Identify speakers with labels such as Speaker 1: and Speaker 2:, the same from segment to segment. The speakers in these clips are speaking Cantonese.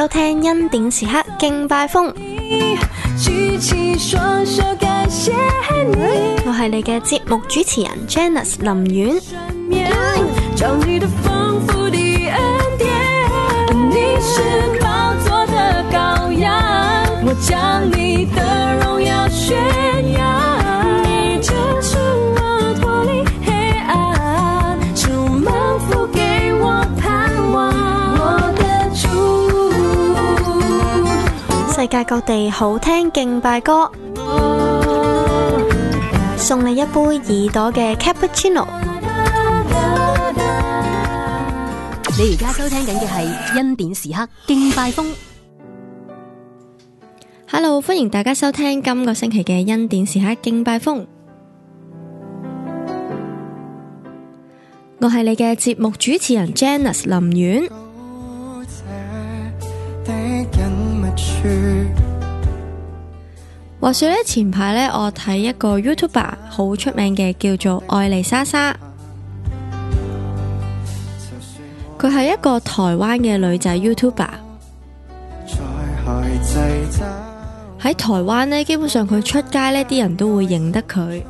Speaker 1: 收聽恩典時刻敬拜風，我係你嘅節目主持人 Janice 林苑。各地好聽敬拜歌，送你一杯耳朵嘅 cappuccino。
Speaker 2: 你而家收聽緊嘅係恩典時刻敬拜風。
Speaker 1: Hello，歡迎大家收聽今個星期嘅恩典時刻敬拜風。我係你嘅節目主持人 Janice 林苑。話說咧，前排咧，我睇一個 YouTuber 好出名嘅，叫做愛麗莎莎。佢係一個台灣嘅女仔 YouTuber。
Speaker 3: 在
Speaker 1: 喺台灣呢，基本上佢出街呢啲人都會認得佢。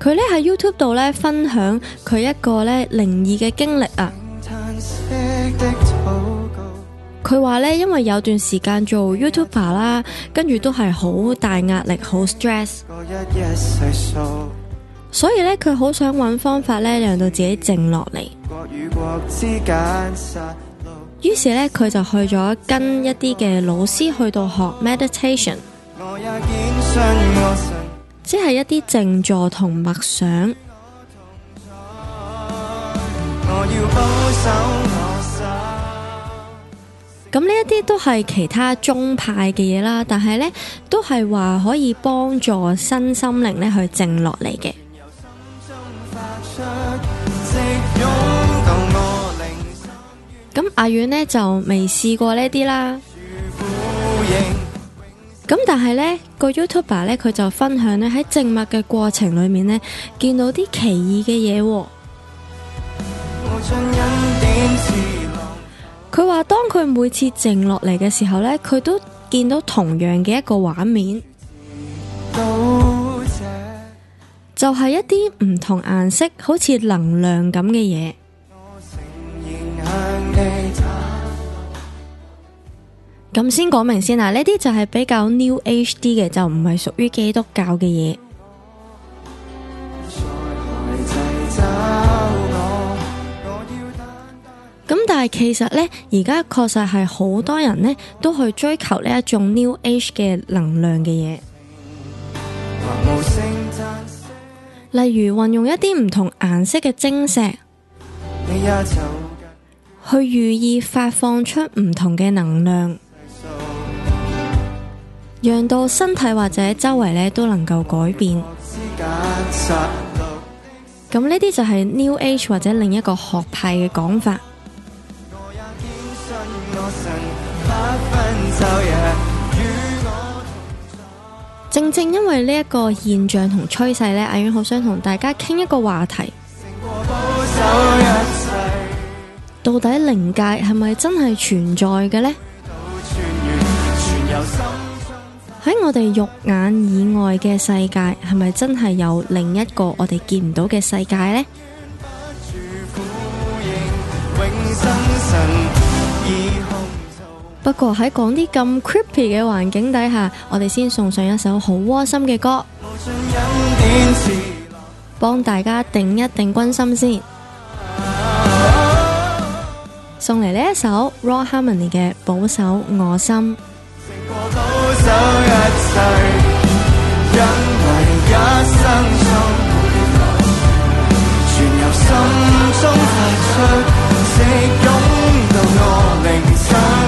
Speaker 1: 佢咧喺 YouTube 度咧，分享佢一個咧靈異嘅經歷啊。佢話咧，因為有段時間做 YouTuber 啦，跟住都係好大壓力，好
Speaker 3: stress，
Speaker 1: 所以咧佢好想揾方法咧，令到自己靜落嚟。於是咧佢就去咗跟一啲嘅老師去到學 meditation，即係一啲靜坐同默想。咁呢一啲都係其他中派嘅嘢啦，但係呢都係話可以幫助身心靈呢去靜落嚟嘅。咁阿遠呢就未試過呢啲啦。咁但係呢個 YouTuber 呢，佢、那個、就分享呢喺靜默嘅過程裏面呢，見到啲奇異嘅嘢喎。我佢話當佢每次靜落嚟嘅時候呢，佢都見到同樣嘅一個畫面，就係一啲唔同顏色，好似能量咁嘅嘢。
Speaker 3: 咁先
Speaker 1: 講明先啊，呢啲就係比較 New Age 啲嘅，就唔係屬於基督教嘅嘢。咁但係其實呢，而家確實係好多人呢都去追求呢一種 New Age 嘅能量嘅嘢，例如運用一啲唔同顏色嘅晶石，去寓意發放出唔同嘅能量，讓到身體或者周圍呢都能夠改變。咁呢啲就係 New Age 或者另一個學派嘅講法。
Speaker 3: 分
Speaker 1: 正正因為呢一個現象同趨勢呢，阿英好想同大家傾一個話題。到底靈界係咪真係存在嘅呢？喺我哋肉眼以外嘅世界，係咪真係有另一個我哋見唔到嘅世界呢？不過喺講啲咁 creepy 嘅環境底下，我哋先送上一首好窩心嘅歌，幫大家定一定軍心先。送嚟呢一首 Raw Harmony 嘅《保守我心》。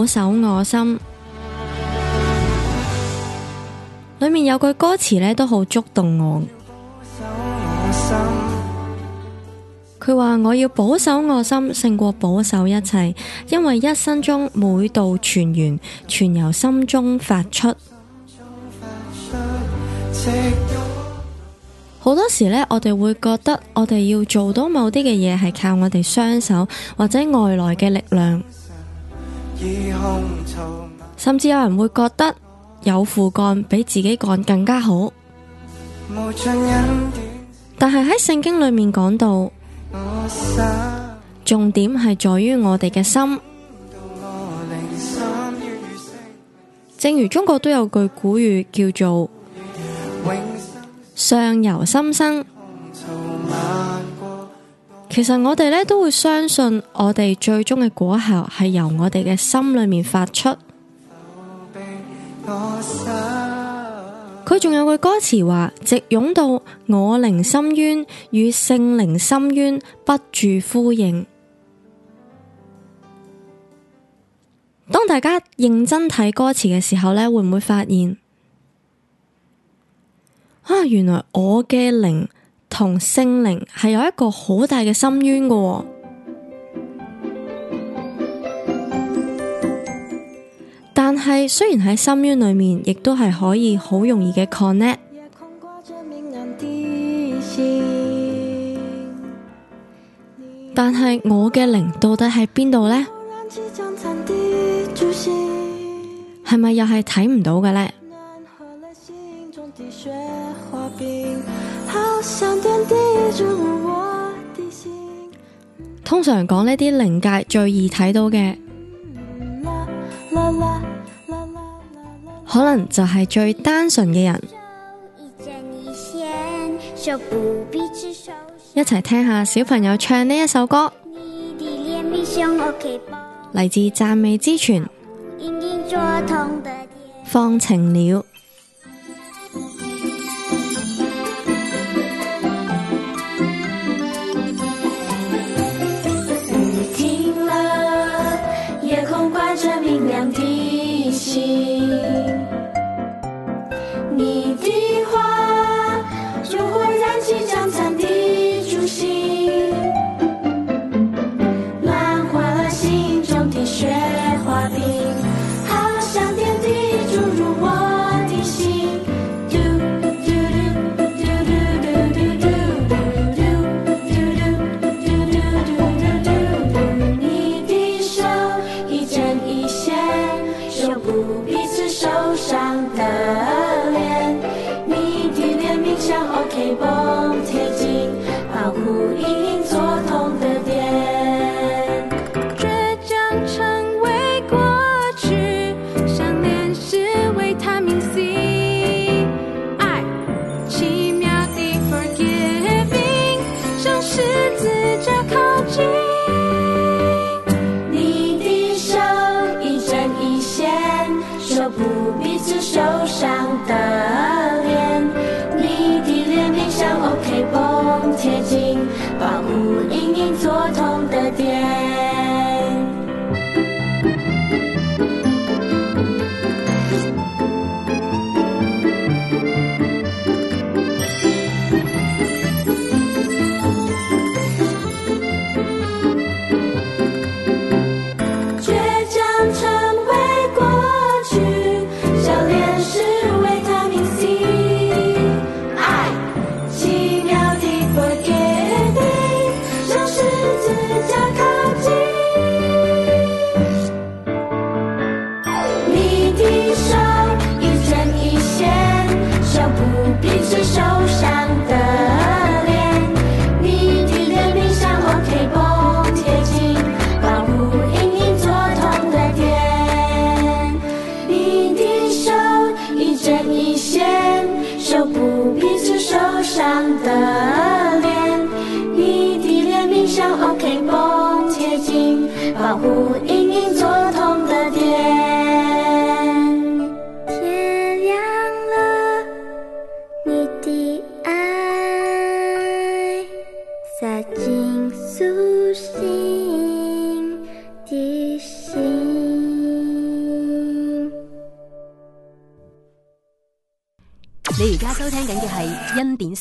Speaker 1: 保守我心，裏面有句歌詞呢都好觸動我。佢話我要保守我心，勝過保守一切，因為一生中每道泉源，全由心中發出。好多時呢，我哋會覺得我哋要做到某啲嘅嘢，係靠我哋雙手或者外來嘅力量。甚至有人會覺得有副干比自己干更加好，
Speaker 4: 但是在，
Speaker 1: 但係喺聖經裏面講到，重點係在於我哋嘅心。正如中國都有句古語叫做“上由心生”。其實我哋咧都會相信，我哋最終嘅果效係由我哋嘅心裏面發出。佢仲有句歌詞話：直湧到我靈深淵與聖靈深淵不住呼應。當大家認真睇歌詞嘅時候呢會唔會發現啊？原來我嘅靈。同聖靈係有一個好大嘅深淵噶但係雖然喺深淵裏面，亦都係可以好容易嘅 connect。但係我嘅靈到底喺邊度呢？係咪又係睇唔到嘅呢？通常講呢啲靈界最易睇到嘅，可能就係最單純嘅人。
Speaker 4: 一
Speaker 1: 齊聽下小朋友唱呢一首歌，嚟自讚美之泉。放晴了。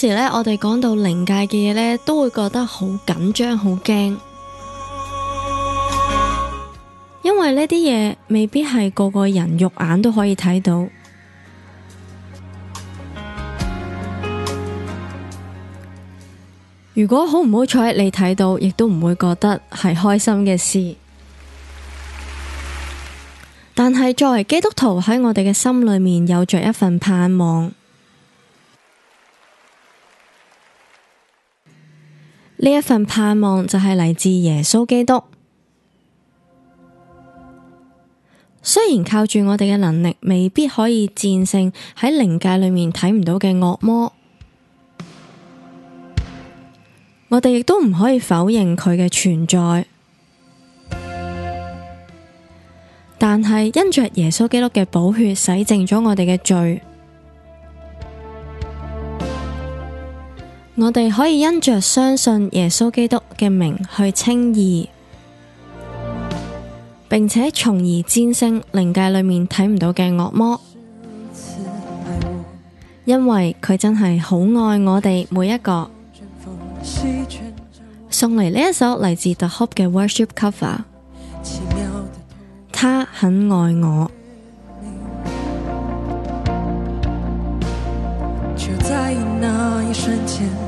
Speaker 1: 時呢，我哋講到靈界嘅嘢呢，都會覺得好緊張、好驚，因為呢啲嘢未必係個個人肉眼都可以睇到。如果好唔好彩你睇到，亦都唔會覺得係開心嘅事。但係作為基督徒喺我哋嘅心裏面，有着一份盼望。呢一份盼望就係嚟自耶穌基督。雖然靠住我哋嘅能力未必可以戰勝喺靈界裏面睇唔到嘅惡魔，我哋亦都唔可以否認佢嘅存在。但係因着耶穌基督嘅寶血洗淨咗我哋嘅罪。我哋可以因着相信耶穌基督嘅名去稱義，並且從而戰勝靈界裏面睇唔到嘅惡魔，因為佢真係好愛我哋每一個。送嚟呢一首嚟自 The Hope 嘅 Worship Cover，他很愛我。
Speaker 4: 就在那一瞬間。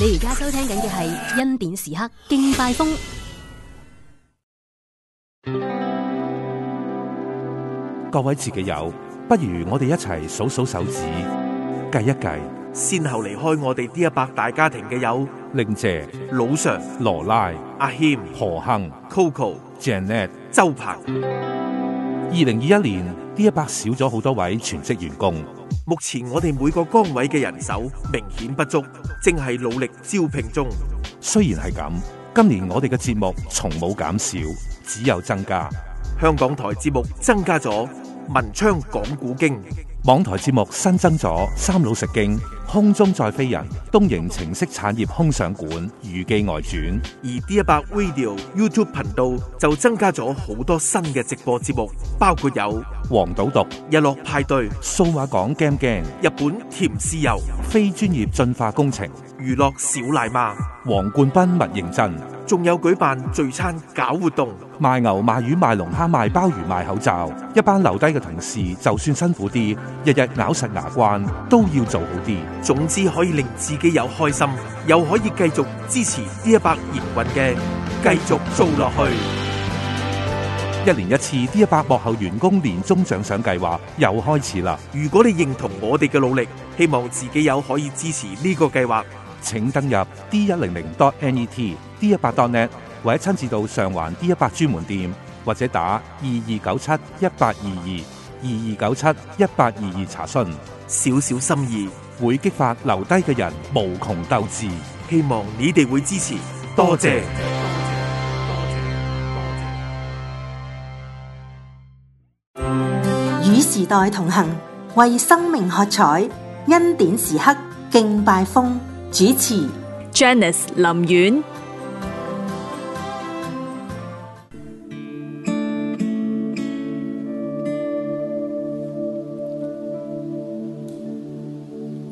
Speaker 2: 你而家收聽緊嘅係恩典時刻敬拜風，
Speaker 5: 各位自己友，不如我哋一齊數數手指，計一計，先後離開我哋呢一百大家庭嘅有，令姐、老 Sir、羅拉、阿謙、何幸、Coco、Janet 周鵬。二零二一年。呢一百少咗好多位全職員工，目前我哋每個崗位嘅人手明顯不足，正係努力招聘中。雖然係咁，今年我哋嘅節目從冇減少，只有增加。香港台節目增加咗《文昌講古經》，網台節目新增咗《三老食經》。空中再飛人、東瀛情色產業空想館預計外轉，而 D100 Video YouTube 頻道就增加咗好多新嘅直播節目，包括有黃賭毒、日落派對、數碼港 Game Game、日本甜豉油、非專業進化工程、娛樂小奶媽、黃冠賓物認真，仲有舉辦聚餐、搞活動、賣牛、賣魚、賣龍蝦、賣鮑魚、賣口罩，一班留低嘅同事就算辛苦啲，日日咬實牙關都要做好啲。總之可以令自己有開心，又可以繼續支持 D 一百營運嘅，繼續做落去。一年一次 D 一百幕後員工年終獎賞計劃又開始啦！如果你認同我哋嘅努力，希望自己有可以支持呢個計劃，請登入 D 一零零 dot net，D 一百 dot net，或者親自到上環 D 一百專門店，或者打二二九七一八二二二二九七一八二二查詢。小小心意。會激發留低嘅人無窮鬥志，希望你哋會支持。多謝，
Speaker 1: 與時代同行，為生命喝彩，恩典時刻敬拜。風主持 Janice 林苑。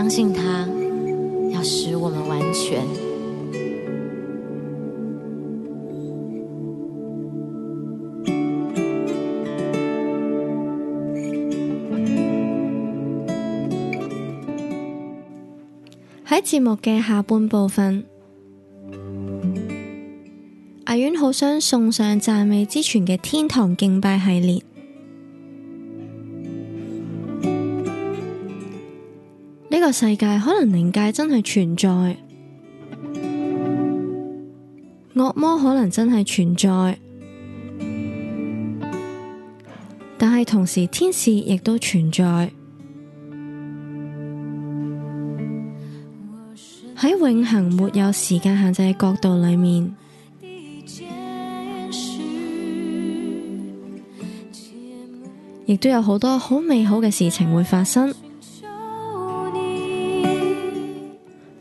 Speaker 2: 相信祂，要使我們完全。
Speaker 1: 喺節目嘅下半部分，阿遠好想送上讚美之泉嘅天堂敬拜系列。呢、這個世界可能靈界真係存在，惡魔可能真係存在，但係同時天使亦都存在。喺永恒沒有時間限制嘅角度裏面，亦都有好多好美好嘅事情會發生。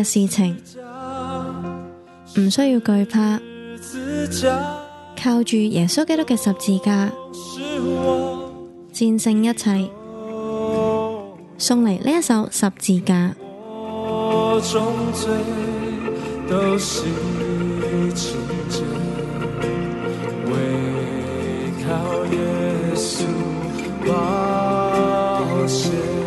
Speaker 1: 嘅事情，唔需要懼怕，靠住耶穌基督嘅十字架，戰勝一切。送嚟呢一首十字架。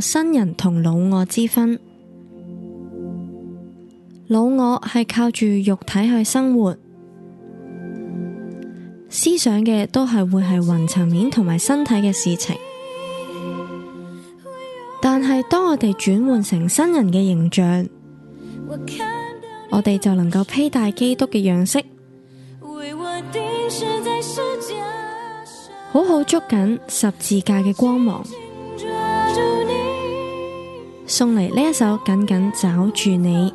Speaker 1: 新人同老我之分，老我係靠住肉體去生活，思想嘅都係會係魂層面同埋身體嘅事情。但係當我哋轉換成新人嘅形象，我哋就能夠披戴基督嘅樣式，好好捉緊十字架嘅光芒。送嚟呢一首，緊緊抓住你。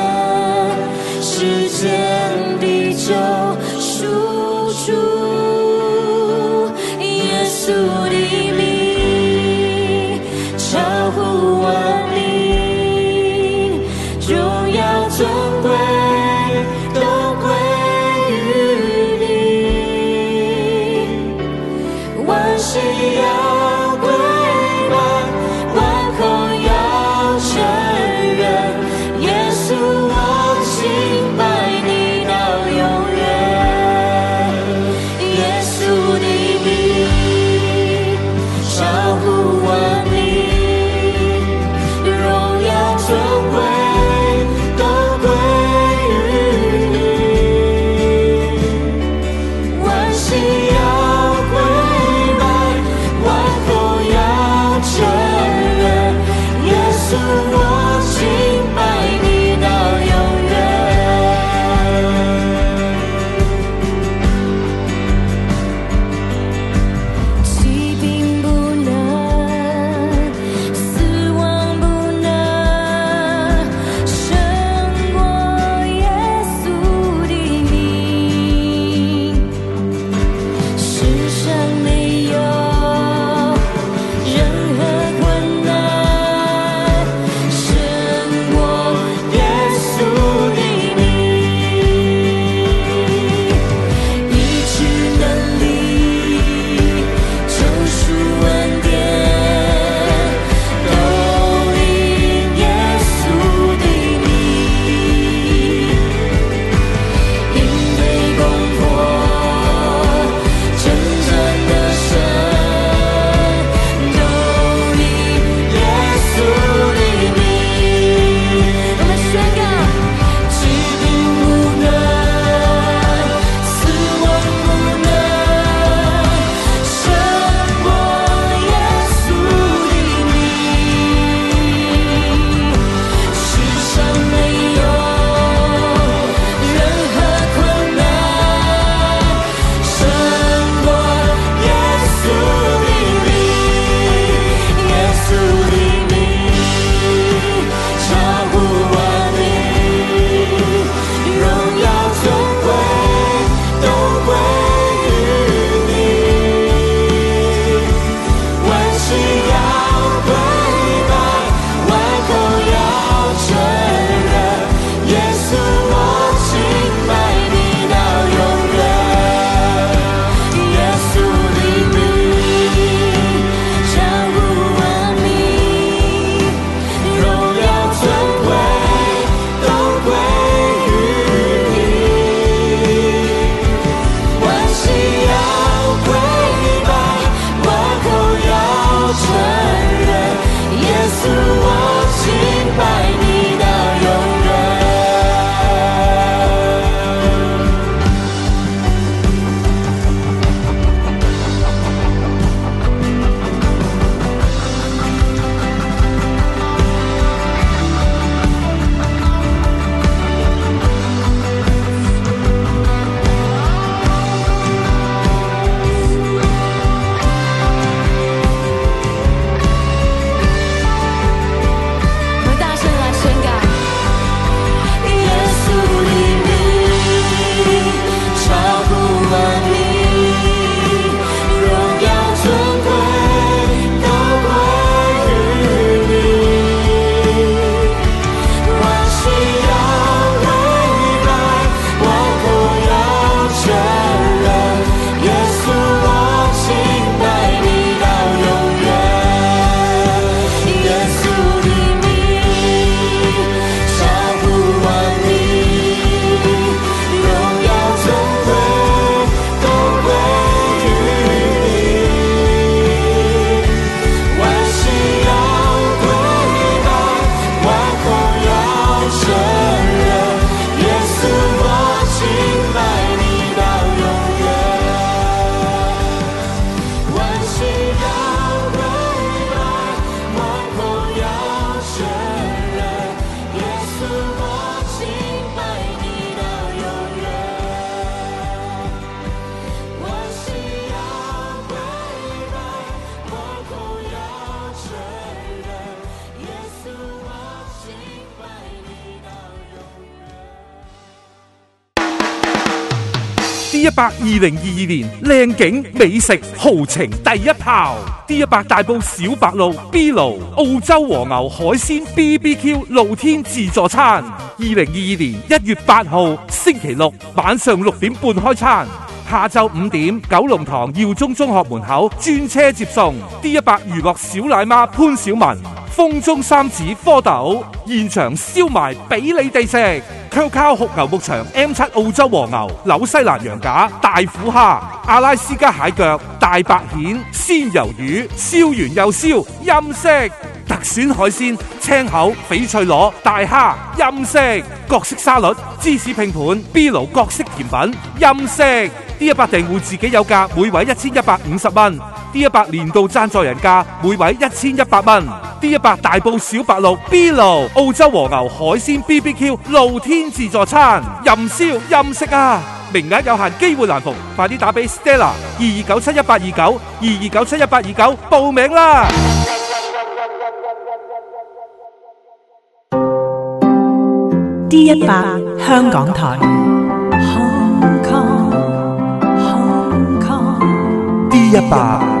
Speaker 5: D 一百二零二二年靚景美食豪情第一炮，D 一百大埔小白鷺 B 路澳洲和牛海鮮 BBQ 露天自助餐，二零二二年一月八號星期六晚上六點半開餐，下晝五點九龍塘耀中中學門口專車接送。D 一百娛樂小奶媽潘小文，風中三子蝌蚪現場燒埋俾你哋食。QQ 黑牛牧場 M 七澳洲和牛、紐西蘭羊架、大虎蝦、阿拉斯加蟹腳、大白蜆、鮮魷魚，燒完又燒，音色特選海鮮，青口、翡翠螺、大蝦，音色各式沙律、芝士拼盤、B 爐各式甜品，音色呢一百訂戶自己有價，每位一千一百五十蚊。D 一百年度讚助人家每位一千一百蚊。D 一百大埔小白鹿 B 路澳洲和牛海鮮 BBQ 露天自助餐任燒任食啊！名額有限，機會難逢，快啲打俾 Stella 二二九七一八二九二二九七一八二九報名啦！D 一百香港台，D 一百。Hong Kong,
Speaker 4: Hong Kong,